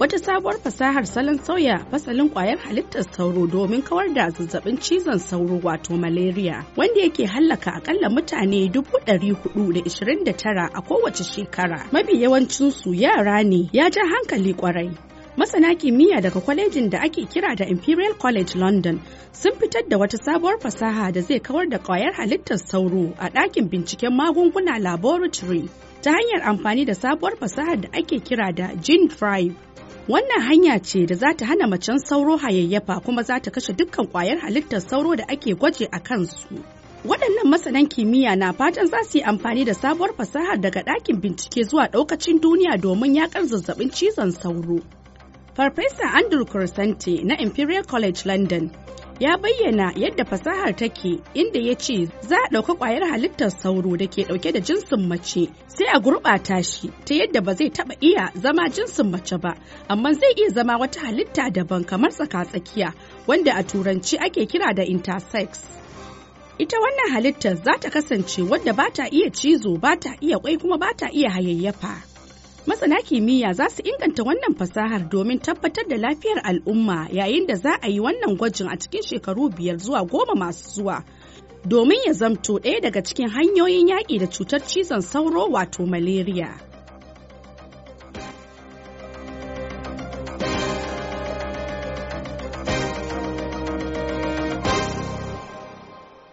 wata sabuwar fasahar salon sauya fasalin kwayar halittar sauro domin kawar da zazzabin cizon sauro wato malaria wanda yake hallaka akalla mutane dubu da da tara a kowace shekara mafi yawancin su yara ne ya ja hankali kwarai masana kimiyya daga kwalejin da ake kira da imperial college london sun fitar da wata sabuwar fasaha da zai kawar da kwayar halittar sauro a ɗakin binciken magunguna laboratory ta hanyar amfani da sabuwar fasahar da ake kira da gene drive Wannan hanya ce da za ta hana macen sauro hayayyafa kuma za ta kashe dukkan kwayar halittar sauro da ake gwaje a kansu. Waɗannan masanan kimiyya na fatan za su yi amfani da sabuwar fasahar daga ɗakin bincike zuwa ɗaukacin duniya domin yaƙar zazzabin cizon sauro. Farfesa Andrew Crescente na Imperial College London ya bayyana yadda fasahar take inda ya ce za a ɗauka ƙwayar halittar sauro da ke ɗauke da jinsin mace sai a gurɓata shi ta yadda ba zai taɓa iya zama jinsin mace ba amma zai iya zama wata halitta daban kamar tsaka-tsakiya wanda a turanci ake kira da intersex. ita wannan halittar za ta kasance wadda ba ta iya cizo ba ta iya kwai kuma ba ta iya hayayyafa. Masana kimiyya za su inganta wannan fasahar domin tabbatar da lafiyar al'umma yayin da za a yi wannan gwajin a cikin shekaru biyar zuwa goma masu zuwa. Domin ya zamto ɗaya daga cikin hanyoyin yaƙi da cutar cizon sauro wato malaria.